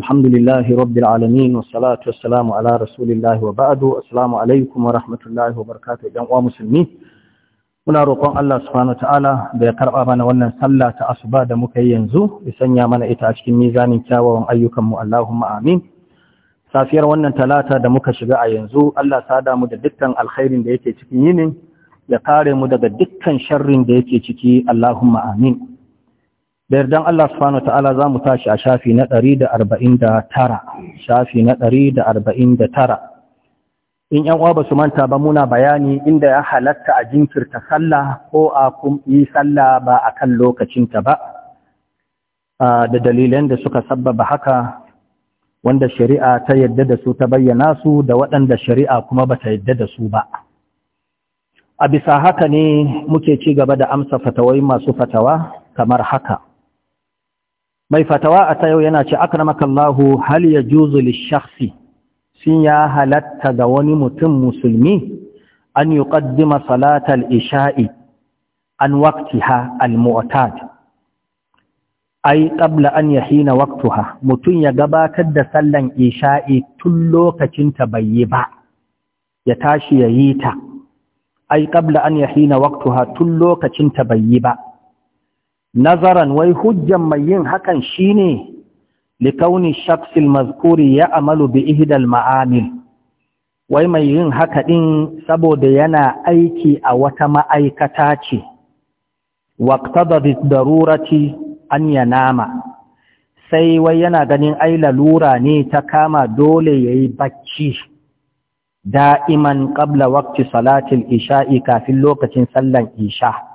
الحمد لله رب العالمين والصلاة والسلام على رسول الله وبعد السلام عليكم ورحمة الله وبركاته جمع مسلمين muna roƙon Allah subhanahu ta'ala da ya karɓa mana wannan sallah ta asuba da muka yi yanzu ya sanya mana ita a cikin mizanin kyawawan ayyukanmu Allahumma amin safiyar wannan talata da muka shiga a yanzu Allah tsada mu da dukkan alkhairin da yake cikin yinin ya kare mu daga dukkan sharrin da yake ciki Allahumma amin da yardan Allah subhanahu ta'ala za mu tashi a shafi na ɗari 149 shafi na ɗari da da arba'in tara, in yan uwa ba su manta ba muna bayani inda ya halatta a jinkirta sallah ko a yi sallah ba a kan lokacinta ba da dalilan da suka sabbaba haka wanda shari'a ta yadda da su ta bayyana su da waɗanda shari'a kuma ba ta yadda da su ba a bisa haka ne muke ci gaba da amsa fatawai masu fatawa kamar haka mai fatawa a ta yau yana ce akramakallahu hal yajuzu lishakhsi sun ya halatta ga wani mutum musulmi an yuqaddima salatal isha'i an waqtiha al-mu'tad ai qabla an yahina waqtaha mutum ya gabatar da sallan isha'i tun lokacin ta bai ba ya tashi yayi ta ai qabla an yahina waqtaha tun lokacin ta yi ba nazaran wai hujjan mai yin hakan shine likauni shaksil mazkuri ya amalu bi ihdal ma'amil wai mai yin haka din saboda yana aiki a wata ma'aikata ce waqtada bi darurati an yanama sai wai yana ganin ai lalura ne ta kama dole yayi bacci da'iman qabla waqti salatil isha'i kafin lokacin sallan isha'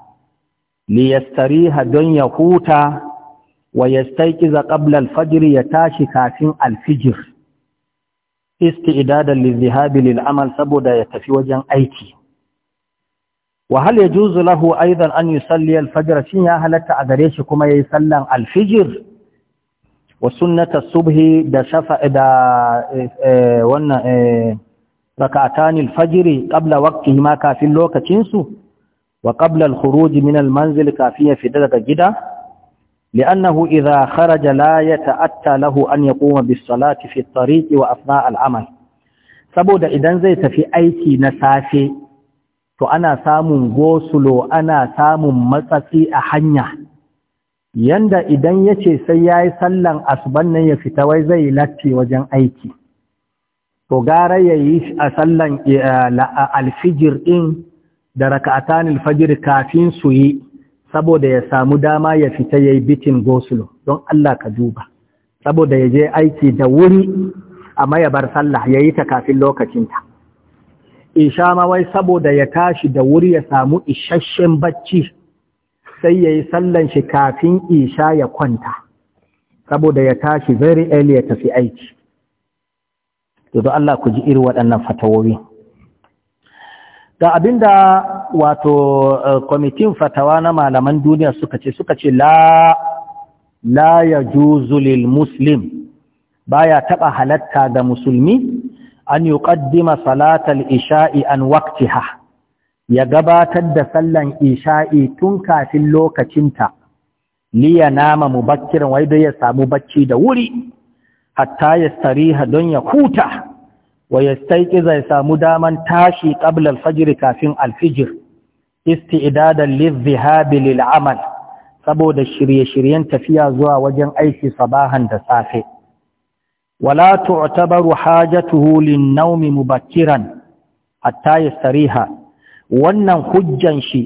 liyastariha don ya huta wa yastaiqiza qabla al-fajr ya tashi kafin al-fajr isti'dadan lizihabi lil'amal saboda ya tafi wajen aiki wa hal yajuzu lahu aidan an yusalli al-fajr shin ya halatta a gare shi kuma yayi sallan al-fajr wa sunnata subhi da shafa da eh, eh, wannan eh, rak'atan al-fajr qabla waqtihi ma kafin lokacin su wa qabla al-khuruj min al-manzil fita daga gida li'annahu idha kharaja la yata'atta lahu an yaquma bis-salati fi at-tariqi wa afna al-amal saboda idan zai tafi aiki na safe to ana samun gosulo ana samun matsatsi a hanya yanda idan yace sai ya yi sallan asuban nan ya fita wai zai latti wajen aiki to gara ya yi a sallan eh, alfijir ɗin da raka'atan fajiri kafin su yi saboda ya samu dama ya fita yayi bitin gosulo don Allah ka duba saboda ya je aiki da wuri amma ya bar sallah yayi ta kafin lokacin ta isha ma wai saboda ya tashi da wuri ya samu isasshen bacci sai yayi sallan shi kafin isha ya kwanta saboda ya tashi very early ya tafi aiki to don Allah ku ji irin waɗannan fatawoyin ga abinda wato eh, kwamitin fatawa na malaman duniya suka ce suka ce la la yajuzu lil muslim baya taba halatta ga musulmi an yuƙaddima salatal isha'i an waktiha ya gabatar da sallan isha'i tun kafin lokacinta liya nama mubakkiran wai ya samu bacci da wuri hatta ya sariha don ya huta wa yastaiqi ya samu daman tashi qabla al-fajr kafin al-fajr isti'dadan lidh-dhahab lil-amal saboda shirye-shiryen tafiya zuwa wajen aiki sabahan da safe wala tu'tabaru hajatuhu lin-nawmi mubakkiran hatta yastariha wannan hujjan shi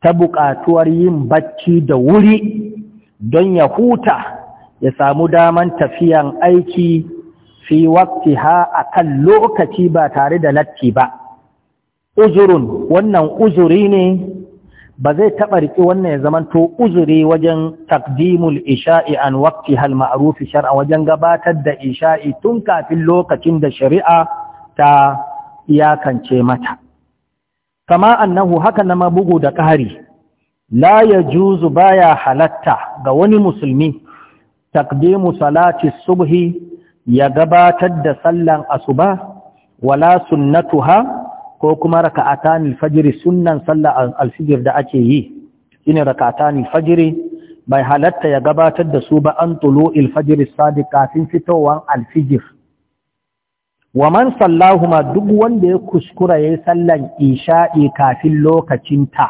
ta buƙatuwar yin bacci da wuri don ya huta ya samu daman tafiyan aiki fi a akan lokaci ba tare da latti ba uzurun wannan uzuri ne ba zai taɓa riƙe wannan ya zamanto uzuri wajen takdimul isha'i an wakti hal ma'arufi shar'a wajen gabatar da isha'i tun kafin lokacin da shari'a ta iyakance mata kama annahu haka na mabugu da ƙari la yajuzu baya halatta ga wani musulmi takdimu salati subhi ya gabatar da sallan asuba wala sunnatuha ko kuma raka'atan fajiri sunnan sallar alfijir da ake yi shine raka'atan al bai halatta ya gabatar da su ba an tulu'il fajiri sadiq kafin fitowan alfijir. wa man sallahuma duk wanda ya kuskura yayin sallan isha'i kafin lokacinta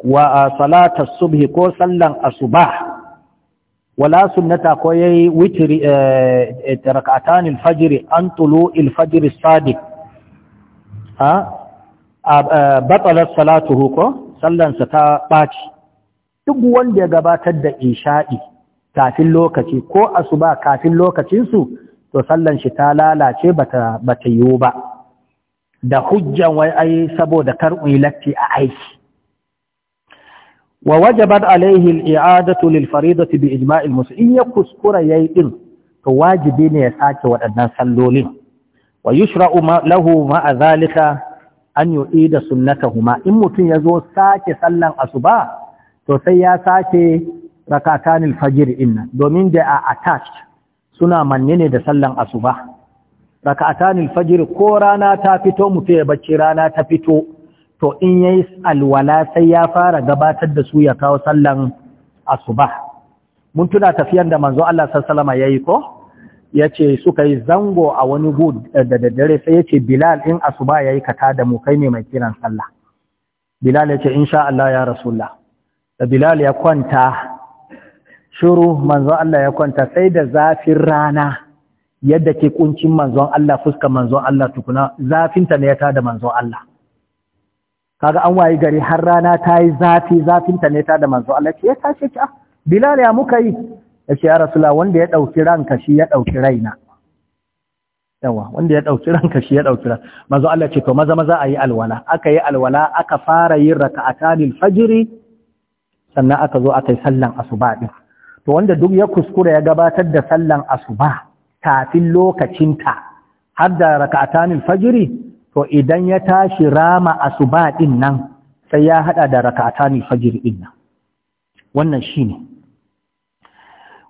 wa salata subhi ko sallan asubah wala sunnata ko yayi witri rak'atan al-fajr an tulu al-fajr as-sadiq ha batala sallansa ta ɓaci. duk wanda ya gabatar da isha'i kafin lokaci ko asuba kafin lokacinsu to sallan shi ta lalace bata bata yiwu ba da hujjan wai ai saboda kar karɓi latti a aiki wa wajabat alaihi al'adatu lil faridati bi ijma'il musulmi ya kuskura yayi ɗin? to wajibi ne ya sake waɗannan sallolin wa yushra'u lahu ma'a zalika an yu'ida sunnatahuma in mutum ya zo sake sallan asuba to sai ya sake rakatanil fajr inna domin da a attached suna manne ne da sallan asuba rakatanil fajr ko rana ta fito mutu ya barci rana ta fito to in yayi alwala sai ya fara gabatar da su ya kawo sallan asuba mun tuna tafiyar da manzo Allah sallallahu alaihi yayi ko yace suka yi zango a wani gud eh, da daddare sai yace Bilal in asuba yayi kata da mu kai ne mai kiran sallah Bilal yace insha Allah ya rasulullah da Bilal ya kwanta shiru manzon Allah ya kwanta sai da zafin rana yadda ke kuncin manzon Allah fuskar manzon Allah tukuna zafinta ne ya tada manzon Allah kaga an wayi gari har rana tayi zafi zafin ta ne ta da manzo Allah ce ya tashi ci ah, bilal ya muka yi ya ce ya rasula wanda ya dauki ranka shi ya dauki raina yawa wanda ya dauki ranka shi ya dauki ran manzo Allah ce to maza maza ayi alwala aka yi alwala aka fara yin raka'atanil fajr sannan aka zo aka yi sallan asuba din to wanda duk ya kuskura ya gabatar da sallan asuba kafin lokacinta har da raka'atanil fajr to idan ya tashi rama asuba din nan sai ya hada da rak'atani fajr din nan wannan shine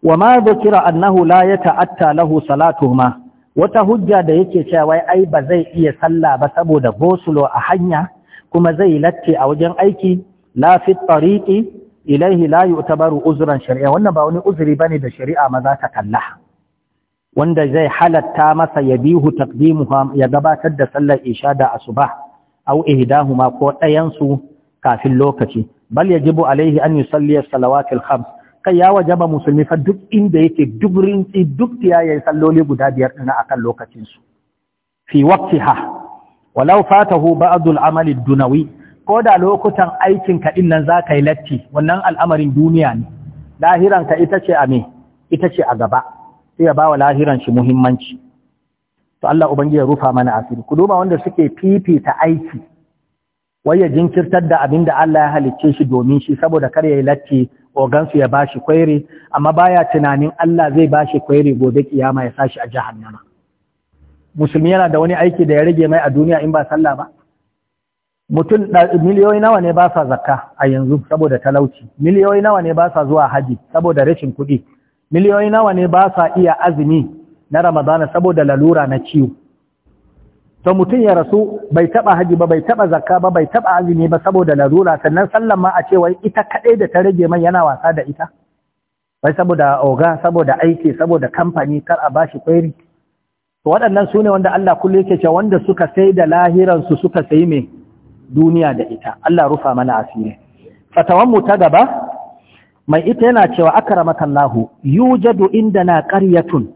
wama dhukira annahu la yata'atta lahu salatuhuma wata hujja da yake cewa ai ba zai iya sallah ba saboda gosulo a hanya kuma zai latti a wajen aiki la fi tariqi ilaihi la yu'tabaru uzran shari'a. wannan ba wani uzuri bane da shari'a ma za ta kalla wanda zai halatta masa ya bihu taqdimuha ya gabatar da sallar isha da asuba aw ihdahuma ko ɗayan su kafin lokaci bal yajibu alaihi an yusalli as-salawatil khams kai ya wajaba musulmi fa duk inda yake duk rinci duk yi salloli guda biyar din akan lokacin su fi waqtiha walau fatahu ba'd al dunawi ko da lokutan aikin ka din nan zaka yi latti wannan al'amarin duniya ne lahiran ka ita ce a me ita ce a gaba sai ya wa lahiran shi muhimmanci to Allah ubangiji ya rufa mana asiri ku duba wanda suke fifita aiki wai ya jinkirtar da abin da Allah ya halicce shi domin shi saboda kar ya yi latti ogansu ya bashi kwairi amma baya tunanin Allah zai bashi kwairi gobe kiyama ya sashi a jahannama musulmi yana da wani aiki da ya rage mai a duniya in ba sallah ba mutum miliyoyi nawa ne ba sa zakka a yanzu saboda talauci miliyoyi nawa ne ba sa zuwa haji saboda rashin kuɗi miliyoyi nawa ne ba sa iya azumi na ramadana saboda lalura na ciwo to mutum ya rasu bai taba haji ba bai taba zakka ba bai taba azumi ba saboda lalura. sannan sallan ma a ce wai ita kadai da ta rage mai yana wasa da ita bai saboda oga saboda aiki saboda kamfani kar a bashi kwairi to waɗannan su ne wanda Allah kullu yake cewa wanda suka sai da lahiran su suka sai me duniya da ita Allah rufa mana asiri fatawan mu ta gaba mai ita yana cewa akramaka Allah yujadu indana qaryatun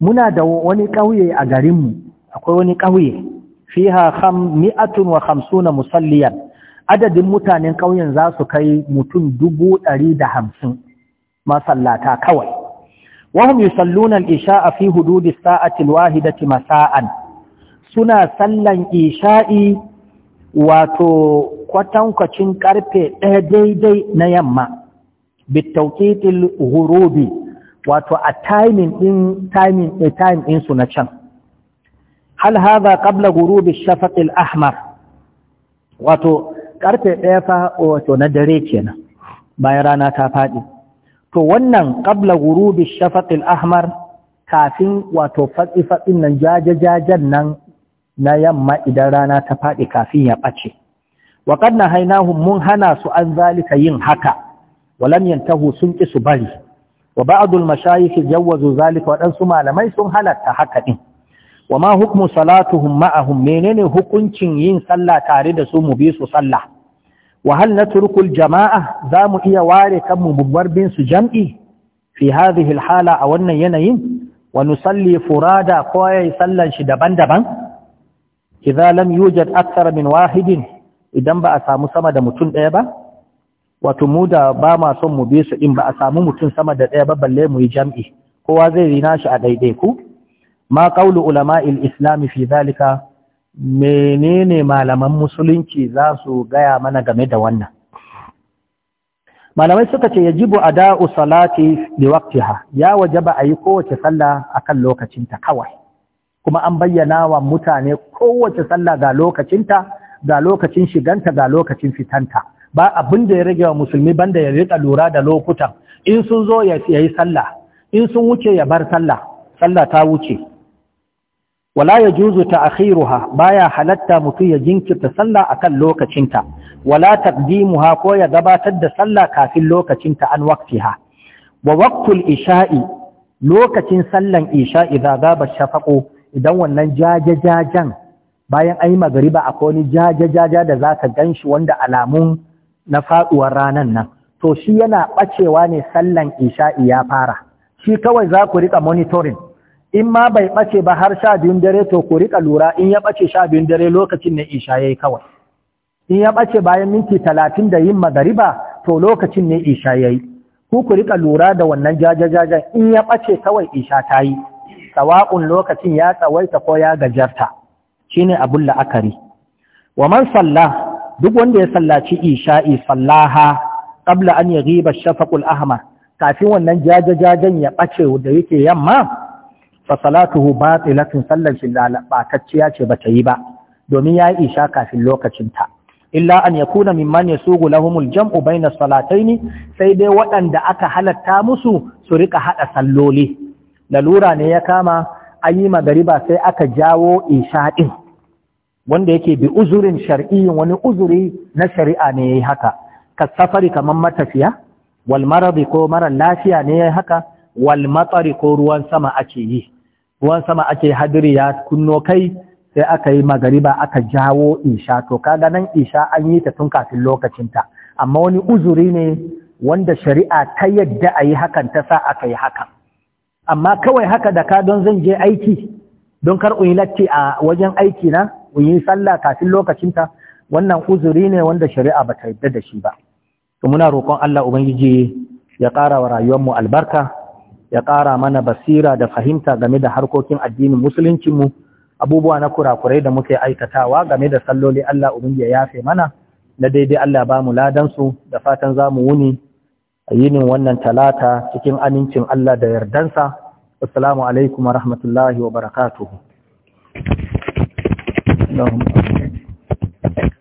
muna da wani ƙauye a garinmu akwai wani ƙauye fiha 550 musalliyan adadin mutanen ƙauyen za su kai mutum dubu ɗari da hamsin masallata kawai wahum yusalluna al-isha'a fi hududi sa'ati wahidati masa'an suna sallan isha'i wato kwatankwacin karfe ɗaya daidai na yamma bitauƙiƙil hurobi wato a timing ɗin timing ɗin time ɗinsu na can hal haza qabla gurubi shafaƙil ahmar wato ƙarfe ɗaya fa wato na dare kenan bayan rana ta faɗi to wannan qabla gurubi shafaƙil ahmar kafin wato fatsi-fatsin nan jajen nan na yamma idan rana ta faɗi kafin ya ɓace wa na hainahun mun hana su an zalika yin haka walam yantahu sun ki su bari wa ba'dul mashayikh jawwazu zalika waɗansu malamai sun halarta haka din wa ma hukmu salatuhum ma'ahum menene hukuncin yin sallah tare da su mu bi su sallah Wahal hal natruku jama'a za mu iya ware kanmu mu binsu jam'i fi hadhihi hala a wannan yanayin wa nusalli furada ko sallar shi daban-daban idza lam yujad aksar min wahidin idan ba a samu sama da mutum ɗaya ba wato mu da ba ma son mu bi su din ba a samu mutum sama da ɗaya ba balle mu yi jam'i kowa zai rina nashi a ku? ma qaulu il islam fi zalika menene malaman musulunci za su gaya mana game da wannan malamai suka ce yajibu ada'u salati li waqtiha ya waje ba a yi kowace sallah akan lokacinta kawai kuma an bayyana wa mutane kowace sallah ga lokacinta ga lokacin shiganta ga lokacin fitanta ba abin da ya rage wa musulmi banda ya rika lura da lokutan in sun zo ya yi sallah in sun wuce ya bar sallah sallah ta wuce wala ya juzu ta'khiruha baya halatta mutum ya jinkirta sallah akan lokacinta wala taqdimuha ko ya gabatar da sallah kafin lokacinta an waqtiha wa waqtul isha'i lokacin sallan isha'i idza gaba shafaqu idan wannan jajajajan bayan ayi magariba akwai wani jajajaja da zaka ganshi wanda alamun na faɗuwar ranan nan to shi yana ɓacewa ne sallan isha'i ya fara shi kawai za ku riƙa monitoring in ma bai ɓace ba har sha biyun dare to ku riƙa lura in ya ɓace sha biyun dare lokacin na isha ya yi kawai in ya ɓace bayan minti talatin da yin magariba to lokacin ne isha ya yi? ku ku riƙa lura da wannan jajajajan in ya ɓace kawai isha ta yi sawa'un lokacin ya tsawaita ko ya gajarta shine abun la'akari wa man sallah duk wanda ya sallaci isha'i sallaha ƙabla an ribar shafaqul Ahmad, kafin wannan jajajajen ya ɓace da yake yamma fa salatuhu batilatun sallan shi lalatacciya ce bata yi ba domin yayi isha kafin lokacin illa an yakuna mimman yasugu lahumul jam'u bayna ne, sai dai waɗanda aka halatta musu su rika haɗa salloli lalura ne ya kama an yi magariba sai aka jawo isha wanda yake bi uzurin shar'iyyin wani uzuri na shari'a ne yayi haka ka safari kaman matafiya wal maradi ko mara lafiya ne yayi haka wal matari ko ruwan sama ake yi ruwan sama ake hadiri ya kunno kai sai aka yi magariba aka jawo isha to kaga nan isha an yi ta tun kafin lokacin ta amma wani uzuri ne wanda shari'a ta yadda a yi hakan ta sa aka yi hakan amma kawai haka da ka don zan je aiki don kar uyi latti a wajen aiki na yi sallah kafin lokacinta wannan uzuri ne wanda shari'a ba ta yarda da shi ba to muna roƙon Allah ubangiji ya ƙara wa rayuwar mu albarka ya ƙara mana basira da fahimta game da harkokin addinin musuluncinmu, mu abubuwa na kurakurai da muke aikatawa game da salloli Allah ubangiji ya yafe mana na daidai Allah ba mu ladan su da fatan za mu wuni yinin wannan talata cikin amincin Allah da yardansa assalamu alaikum wa rahmatullahi wa barakatuhu اللهم آمين